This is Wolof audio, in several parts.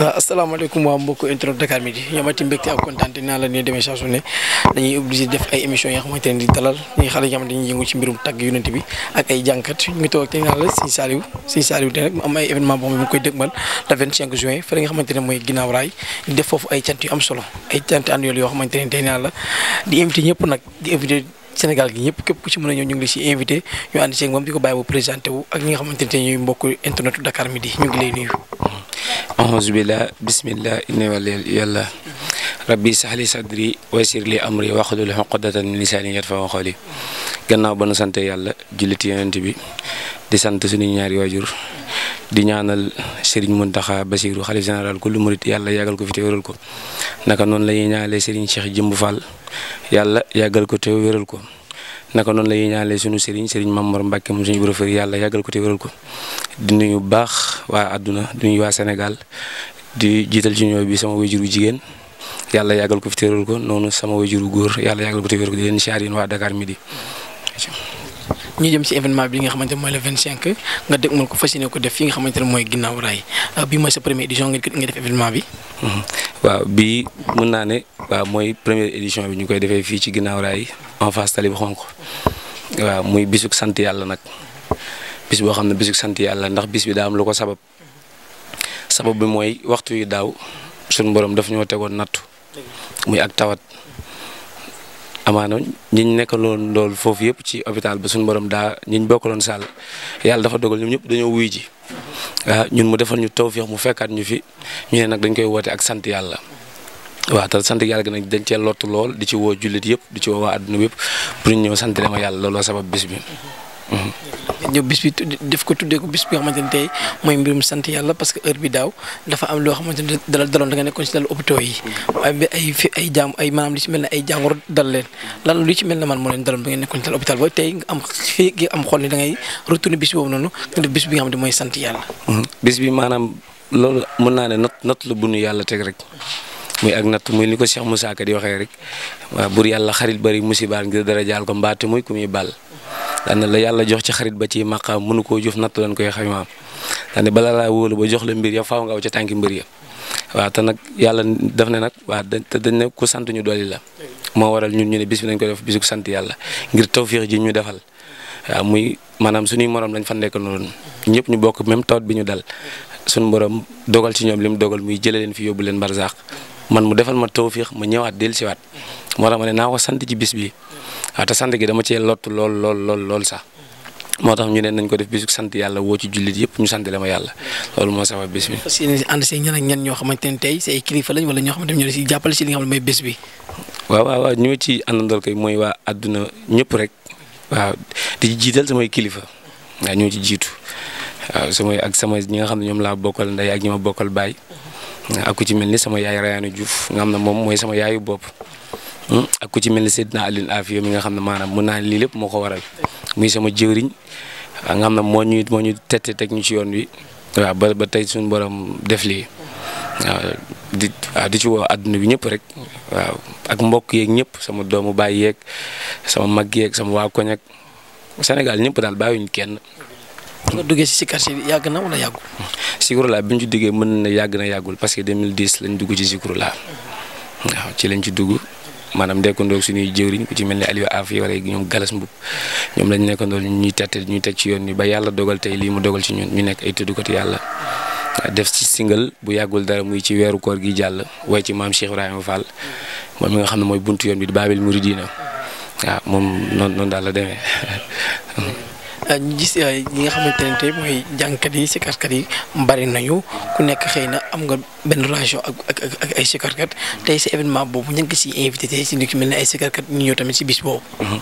waaw ah, asalaamaaleykum waa mbokk intro Dakar Midi ñoomati mbégte ak kontaan naa la ne demee saa su ne dañuy obligé def ay émissions yoo xamante ne di dalal ñi xale yi nga xamante ne ci mbirum tàgg yonent bi ak ay jànkat ñu ngi toog tey naa la Sëñ Saliou Sëñ Saliou te nag mu am ay événement boo mu koy dëgmal le 25 juin foofu ay cant yu am solo ay cant annuel yoo xamante ne tey naa di invité ñëpp nag di invité Sénégal gi yëpp képp ku ci mën a ñëw ñu ngi la ci invité ñu ànd ceeg moom di ko bàyyi mu présenté wu ak ñi nga xamante ne ñooy mbokk internet Dakar Midi ñu ngi lay nuyu. auzu billah bismillah inna walil yàlla rabbi sahli sadri wasir li amri waxlul xoqdatan min lisaani yatfa xawli gannaaw ba nu sante yàlla julliti yonent bi di sant suñu ñaari waajur di ñaanal Serigne Mountakha Bassirou xalif général kullu murit yàlla yàggal ko fi te wéral ko naka noonu la ñuy ñaanalee Serigne Cheikh Jëmb Fall yàlla yàggal ko wéral ko naka noonu la ñuy ñaanalee sunu Serigne Serigne Mamor Mbacke mu suñu yàlla yàggal ko te wéral ko di nuyu baax waa àdduna di nuyu waa Sénégal di jiital ci bi sama wajuru jigéen. yàlla yàggal ko fi téeral ko noonu sama wajuru góor yàlla yàggal ko téeral ko di leen siyaar waa Dakar Midi ñu jëm ci événement bi nga xamante ne mooy le 25 nga dégmal ko fas yéene ko def fi nga xamante ne mooy ginnaaw raay euh, bi mooy mhm. waaw bii mën naa ne waaw mooy première édition bi ñu koy defee fii ci ginnaaw raay en face tali bu xonk waaw muy bisuk sant yàlla nag bis boo xam ne bisu sant yàlla ndax bis bi daa am lu ko sabab sabab bi mooy waxtu yi daaw suñu borom daf ñoo tegoon nattu muy ak tawat. amaana ñiñ nekkaloon loolu foofu yëpp ci hôpital ba suñu borom daa ñiñ bokkaloon sàll yàlla dafa dogal ñoom ñëpp dañoo wuy ji waaw ah, ñun mu defal ñu taw tawfeex mu fekkaat ñu fi ñu ne nag dañ koy woote ak sant yàlla waaw te sant yàlla gi nag dañ cee lott lool di ci woo jullit yëpp di ci woo waa àdduna bi yëpp pour ñu ñëw sant dama yàlla looloo sabab bis bi mhm. ñëw bis bi def ko tuddee ko bis bi nga xamante ne tey mooy mbirum sant yàlla parce que heure daaw dafa am loo xamante ne daloon da nga nekkoon ci dal hôpitaux ba ay nga am xol ni da ngay retourner bis boobu noonu nga def bis bi nga xam ne mooy sant yàlla mm-hmm. bis bi maanaam loolu mën naa ne not not la bu nu yàlla teg rek muy ak natt muy ni ko Cheikh Moussa Ka di waxee rek waaw bur yàlla xarit bëri musibaal ngir dara jaal ko mbaate muy ku muy daane la yàlla jox ci xarit ba ci maqaam mënu koo jëf natt lañ koy xaymaam daane bala laa wóolu ba jox la mbir ya faaw nga aw ci tànki mbir ya waaw te nag yàlla daf ne nag waaw te dañ ne ku sant ñu dolli la moo waral ñun ñu ne bis bi nañ ko def bisu sant yàlla ngir tawfiix ji ñu defal muy maanaam suñuy morom lañ fa nekk noonu ñëpp ñu bokk même tawat bi ñu dal suñu borom dogal ci ñoom li mu dogal muy jëlee leen fi yóbbu leen barzax man mu defal ma tawfiix ma ñëwaat dellusiwaat moo tax ma ne naa ko sant ci bis bi waaw te sant gi dama cee lott lool lool lool sax moo tax ñu ne nañ ko def bisu sant yàlla woo ci jullit yëpp ñu sant ma yàlla loolu moo sama bis bi. aussi yéen ànd ñoo xamante ne tey say kilifa lañ wala ñoo xamante ñoo si jàppale si li nga xam ne waaw waaw waaw ñoo ci àndandool kay mooy waa àdduna ñëpp rek waaw di jiital samay kilifa waaw ñoo ci jiitu waaw samay ak sama ñi nga xam ne ñoom laa bokkal ndey ak ñi ma bokkal baay. ak ku ci mel ni sama yaay Rayaane Diouf nga xam ne moom mooy sama yaayu bopp hmm? ak ku ci mel ni Seydina Alioune Afio mi nga xam ne maanaam mën naa lii lépp moo ko waral muy sama jëwriñ nga xam ne moo ñuy moo ñu tette teg ñu ci yoon wi waaw ba ba tey suñu borom def lii waaw di ci woo àdduna bi ñëpp rek waaw ak mbokk yeeg ñëpp sama doomu baay yeeg sama mag yeeg sama waa koñ ak ñëpp daal bàyyiwuñ kenn. nga duggee si si quartier yàgg na wala yàggul. Zikrullah bi ñu ci duggee mën na yàgg na yàggul parce que 2010 lañ dugg ci Zikrullah waaw ci lañ ci dugg maanaam dekkandoog suñuy jëwriñ ku ci mel ni Aliou Afi wala ñoom Galas Mbub ñoom lañ nekkandool ñuy tette ñuy teg ci yoon ni ba yàlla dogal tey lii mu dogal ci ñun ñu nekk ay tuddukati yàlla. def ci single bu yàggul dara muy ci weeru koor gi jàll way ci maam Cheikh Ibrahima Fall moom mi nga xam ne mooy bunt yoon bi di Babil Mouridina waaw moom noonu noonu daal la demee. ñu gis euh, ñi nga xamante ne te mooy jàngkat yi sikarkat yi bari nañu ku nekk xëy na am nga benn relation ak ak ak ay sikarkat tey si événement boobu ñu ngi si invité tey si niki mel ne ay sikarkat ñu ñëw tamit si bis boobu. Mhm.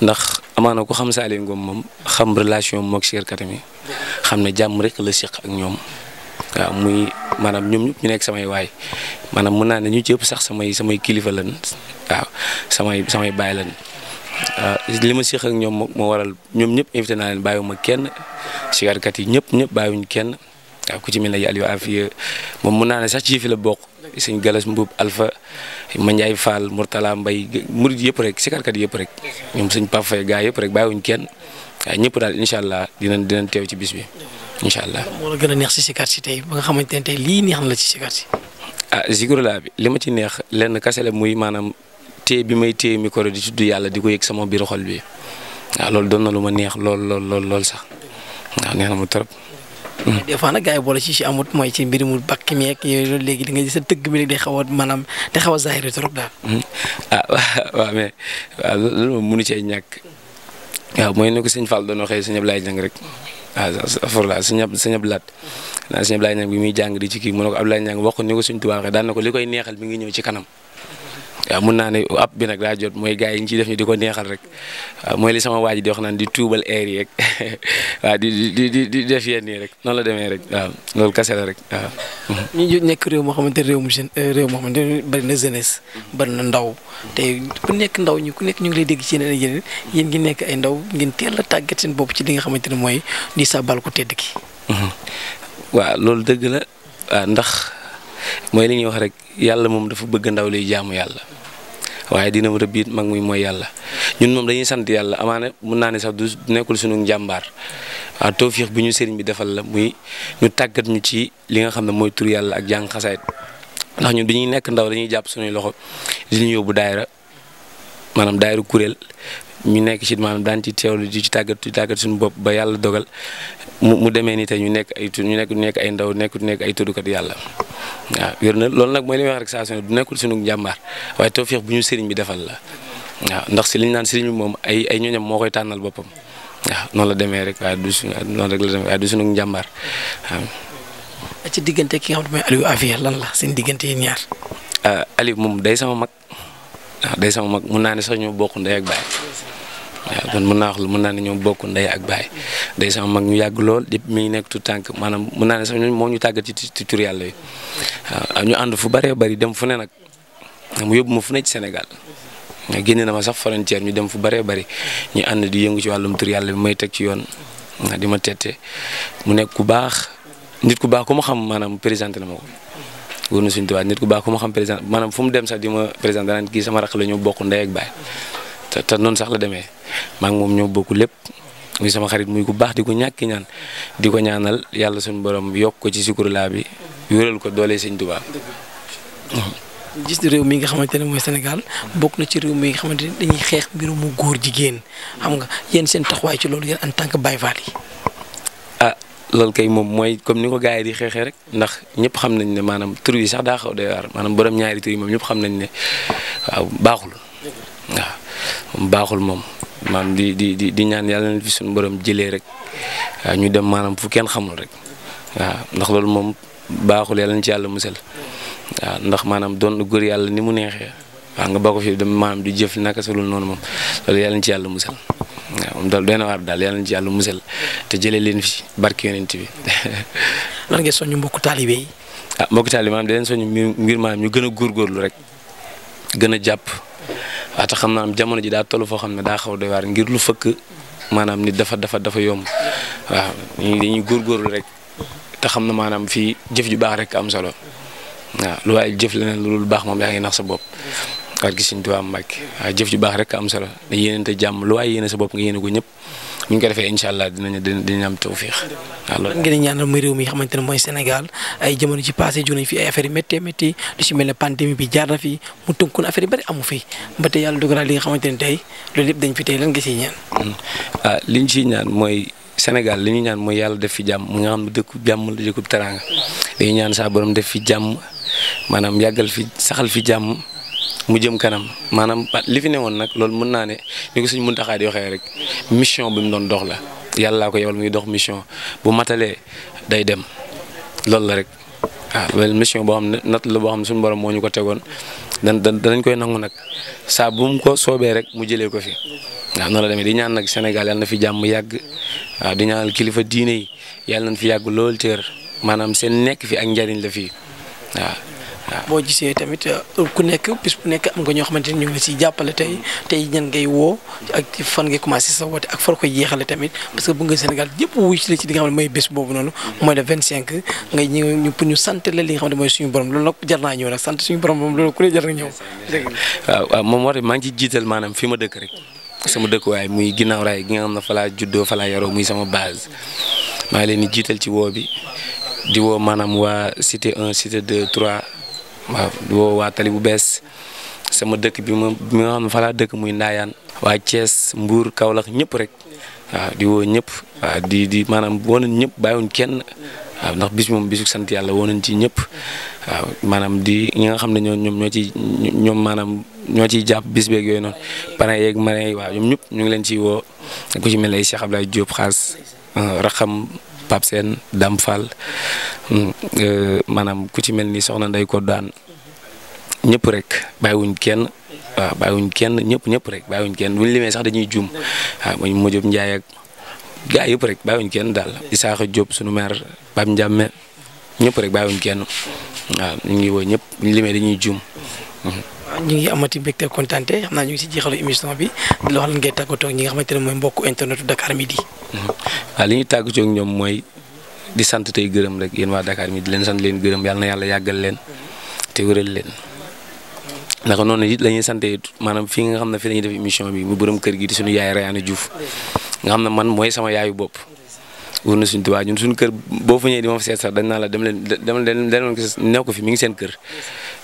ndax amaana ku xam Saliou Ngom moom xam relation moog sikarkat mi xam ne jàmm rek la siq ak ñoom. waaw muy maanaam ñoom ñëpp ñu nekk samay waay maanaam mën naa ne ñu ci ëpp sax samay samay kilifa lan waaw samay samay baay lan Euh, li ma séq ak ñoom moo waral ñoom ñëpp invité naa leen bàyyiwuma kenn sigaarkat yi ñëpp ñëpp bàyyiwuñ kenn waaw ku ci mel ne Aliou Afia moom mun naa ne sax ci yëfi la bokk sëñ Galas Mbuub Alpha Mandiaye Fall Mourtala Mbaye murid yëpp rek sigaarkat yëpp rek ñoom sëñ Pape Faye gaa yëpp rek bàyyiwuñ kenn waaw ñëpp daal incha allah dinañ dinañ teew ci bis bi incha allah. moo la gën a neex si sigaar si tey ba nga xamante ne tey lii neex na la ci sigaar si. ah Zikroullah téye bi may téye micro di tudd yàlla di ko yëg sama biir xol bi waaw loolu doon na lu ma neex lool lool lool lool sax waaw neex na mu trop. Hmm. des fois nag gars yi boole ci si da nga gis sa tëgg bi rek day xaw a maanaam day xaw a zaahiri trop daal. Hmm. ah waaw mais waaw loolu moom mënu cee ñàkk waaw mooy ne ko sëñ Fall doon waxee sëñ Ablaye Niang rek ah astaghfirullah sëñ ab sëñ Ablaat sëñ Ablaye Niang bi muy jàng di ci kii mu ne ko Ablaye Niang wax ko ni ko sëñ Tuubaa waxee daan na ko li koy neexal mi ngi ñëw ci kanam. waa mun naa ne app bi nag daa jot mooy gars yi ñu ciy def ñu di ko neexal rek waaw mooy li sama waaj ji di wax naan di tuubal air yi rek di di di di def yenn yi rek noonu la demee rek waaw loolu kese la rek waaw. nekk réew moo xamante réew mu jeune eh, réew moo xamante na jeunesse bari na ndaw te ku nekk ndaw ñi ku nekk ñu ngi lay dégg ci yeneen ak yeneen yéen ngi nekk ay ndaw ngeen teel a tàggat seen bopp ci li nga xamante ne mooy di sàbbal ku tedd ki. waaw loolu dëgg la ndax. mooy li ñuy wax rek yàlla moom dafa bëgg ndaw liy jaamu yàlla waaye dina rëbb it mag muy mooy yàlla ñun moom dañuy sant yàlla amaana mun naa ne sax du nekkul suñu njàmbaar waaw tawfiix bi ñu sëriñ bi defal la muy ñu tàggat ñu ci li nga xam ne mooy tur yàlla ak jàng xasaayit ndax ñun bi ñuy nekk ndaw dañuy jàpp suñuy loxo di ñu yóbbu daayira maanaam daayiru kuréel ñu nekk ci maanaam daan ci teewlu di ci tàggat suñu bopp ba yàlla dogal mu mu demee ni ñu nekk ay ñu nekk ñu nekk ay ndaw nekkut nekk ay tuddukat yàlla waaw wér na loolu nag mooy li may wax rek saa su ne du nekkul suñu njàmbaar waaye tawfeex bu ñu sëriñ bi defal la waaw ndax si naan sëriñ bi moom ay ay moo koy tànnal boppam waaw noonu la demee rek waaye du suñu noonu rek la demee waaye du suñu njàmbaar waaw. ci diggante ki nga xam ne mooy Aliou lan la seen diggante yi ñaar. Ah, Aliou moom day sama mag waaw day sama mag mun naa ne sax ñoo bokk ndey ak baay kon mun naa wax lu mun naa ne ñoom bokk ak baay day sama mag ñu yàgg lool di mi ngi nekk tout tànk maanaam mun naa ne sax moo ñu tàggat ci tur yàlla yi waaw ñu ànd fu baree bëri dem fu ne nag mu yóbbu ma fu ne ci Sénégal. génne na ma sax frontière ñu dem fu baree bëri ñu ànd di yëngu ci wàllum tur yàlla bi may teg ci yoon di ma tette mu nekk ku baax nit ku baax ku ma xam maanaam présenté na ma ko. wóor na suñu tubaab nit ku baax ku ma xam président maanaam fu mu dem sax di ma président danaan kii sama rakk la bokk ndey ak baay te noonu sax la demee maa ngi moom ñoo bokk lépp muy sama xarit muy ku baax di ko ñàkki ñaan di ko ñaanal yàlla suñu borom yokk ko ci sukkur laa bi wéral ko doole sëñ Tuubaa gis réew mii nga xamante ne mooy Sénégal bokk na ci réew mi nga xamante ne dañuy xeex mbiru mu góor jigéen xam nga yéen seen taxawaay ci loolu yéen en tant que Baye Fall yi loolu kay moom mooy comme ni ko gars yi di xeexee rek ndax ñëpp xam nañ ne maanaam tur yi sax daa xaw day waar maanaam borom ñaari tur yi moom ñëpp xam nañ ne waaw baaxul waaw baaxul moom maanaam di di di di ñaan yàlla suñu borom jëlee rek ñu dem maanaam fu kenn xamul rek waaw ndax loolu moom baaxul yàlla na ci yàlla musal waaw ndax maanaam doon góor yàlla ni mu neexee waaw nga bokk fi dem maanaam di jëf naka sa loolu noonu moom loolu yàlla na ci yàlla musal. waaw moom daal doy na waar daal yal nañu ci yàlla musal te jëlee leen fi barke yonent bi. lan ngeen soññu mbokku taalibe yi. ah mbokku taalibe maanaam di leen soññu ngir maanaam ñu gën a góorgóorlu rek gën a jàpp waaw te xam naa jamono ji daa toll foo xam ne daa xaw doy waar ngir lu fëkk maanaam nit dafa dafa dafa yomb waaw ñun dañuy góorgóorlu rek te xam na maanaam fii jëf ju baax rek am solo waaw lu waaye jëf leneen lu baax moom yaa ngi nax sa bopp. barki jëf ju baax rek am solo da yéenante jàmm lu waaye yéene sa bopp nga yéene ko ñëpp bu ñu ko defee incha allah dañ ñaan hmm. ah li ñaan mooy Sénégal li ñaan mooy yàlla def fi jàmm mu nga xam ne dëkku jàmm la dëkku teraanga dañuy ñaan saa def fi jàmm maanaam yàggal saxal fi jàmm mu jëm kanam maanaam ah, li fi newoon nag loolu mën naa ne ni ko suñ muntaxaa di waxee rek mission bi mu doon dox la yàllaa ko yowal muy dox mission bu matalee day dem loolu la rek waaw ah, loolu mission boo xam ne natt la boo xam ne suñu borom moo ñu ko tegoon dan danañ koy nangu nag saa bu ko soobee rek mu jëlee ko fi waaw noonu la demee di ñaan nag Sénégal yàlla na fi jàmm yàgg waaw di ñaanal kilifa diine yi yàlla nañ fi yàgg lool teer maanaam seen nekk fi ak njariñ la fii waaw boo gisee tamit euh, ku nekk bis bu nekk am nga ñoo xamante ni ñu ngi siy jàppale tey tey ñan ngay woo ak fan ngay commencé sa woote ak far ko jeexale tamit parce que bu nga Sénégal yëpp wuy si la ci li nga xam ne mooy bés boobu noonu mooy le 25 nga ñu pour ñu sant la li nga xam ne mooy suñu borom loolu nag jar naa ñëw nag sant suñu borom moom loolu ku ne jar ñëw waaw moom war maa ngi ci jiital maanaam fi ma dëkk rek sama dëkkuwaay muy ginnaaw raay gi nga xam ne fa juddo juddoo fa yaroo muy sama base maa ngi leen di jiital ci woo bi di woo maanaam waa cité 1 cité 2 3 waaw woo waa tali bu bees sama dëkk bi ma bi nga xam ne fa dëkk muy ndaayaan waa Thiès mbuur Kaolack ñëpp rek waaw di woo ñëpp waaw di di maanaam woo nañ ñëpp bàyyiwuñ kenn waaw ndax bis moom bisu sant yàlla woo nañ ci ñëpp waaw maanaam di ñi nga xam ne ñoom ñoo ciy ñoom maanaam ñoo ciy jàpp bis yooyu noonu parents yeeg marraines yi ñoom ñëpp ñu ngi leen ciy woo ko ci mel ne Cheikh Abdoulaye Diop xaas euh, raxam Pape Sène Dame Fall mm, euh, maanaam ku ci mel ni soxna Ndeye ko daan ñëpp rek wuñ kenn waaw bàyyiwuñ kenn ñëpp ñëpp rek bàyyiwuñ kenn bu ñu limee sax dañuy juum waaw muy Modou Ndiaye ak gaa yëpp rek bàyyiwuñ kenn daal Isaaxa Diop sunu maire Pape Ndiame ñëpp rek bàyyiwuñ kenn waaw ñu ngi ñëpp bu ñu limee dañuy juum. waaw ñu ngi amati mbégte kontaan te xam naa ñu ngi si jeexalu émission bi di la wax lan ngay tàggatoo ak ñi nga xamante ne mooy mbokku internetu Dakar Midi. waaw li ñuy tàggu ci ñoom mooy di sant tey gërëm rek yéen waa Dakar mi di leen sant leen gërëm yàlla na yàlla yàggal leen te wëral leen ndax noonu it la ñuy sante maanaam fii nga xam ne fi la ñuy def émission bi mu borom kër gi di suñu yaay Rayane ne man mooy sama yaayu bopp wër na suñu waa ñun suñu kër boo fa ñëwee di ma fa dañ naa la dem leen dem leen dem leen ko fi mi ngi seen kër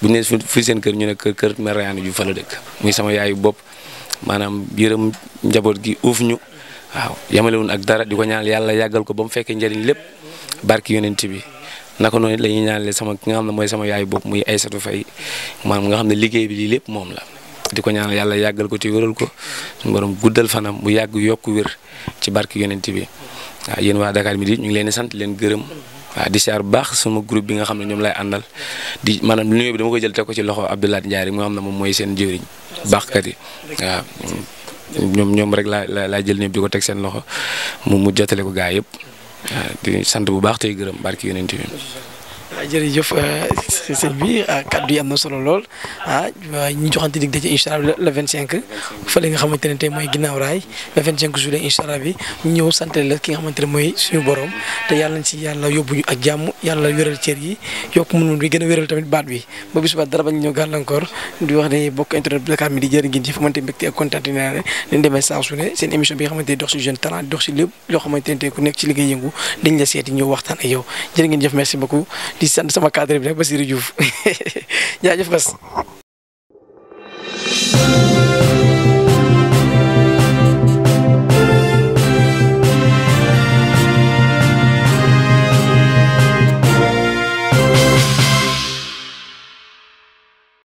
bu ñu nee fi seen kër ñu ne kër kër mère Rayane Diouf fa la dëkk muy sama yaayu bopp maanaam yërëm njaboot gi uuf ñu waaw yamalewun ak dara di ko ñaanal yàlla yàggal ko ba mu fekkee njariñ lépp barki yonent bi naka noonu la ñuy ñaanale sama ki nga xam ne mooy sama yaay bopp muy Aysatu Fay maanaam nga xam ne liggéey bi lii lépp moom la di ko ñaanal yàlla yàggal ko ci wéral ko suñu borom fanam mu yàgg yokk wér ci barki yonent bi waaw yéen waa Dakar Midi ñu ngi leen di sant leen gërëm waaw di siyaar bu baax sama groupe bi nga xam ne ñoom lay àndal di maanaam nuyoo bi dama koy jël teg ko ci loxo Abdoulaye Ndiaye rek moo xam ne moom mooy seen jëriñ baaxkat yi ñoom ñoom rek laa la laa jël ñëpp di ko teg seen loxo mu mu jotale ko gaa yëpp di sant bu baax tey gërëm barki yonent Ah, jërëjëf euh, sëñ bi ah, kaddu yi am na solo lool ah ñu joxante dig daje incha allah le 25 fële nga xamante ne tey mooy ginnaaw raay le 25 bi ñu ñëw sant la ki nga xamante ne mooy suñu borom te yàlla nañ si yàlla yóbbu ñu ak jàmm yàlla wéral cër yi yokk mënul bi gën a baat bi ba bis ba dara bañ ñu bokk internet bi Dakar mi di jërë ngeen bi nga xamante ne dox si jeune talent dox si lépp loo xamante ne ku nekk ci liggéey yëngu dañ la seeti yow jërë ngeen jëf merci beaucoup sant sama cadre bi nag Basirou Diouf jaajëf xas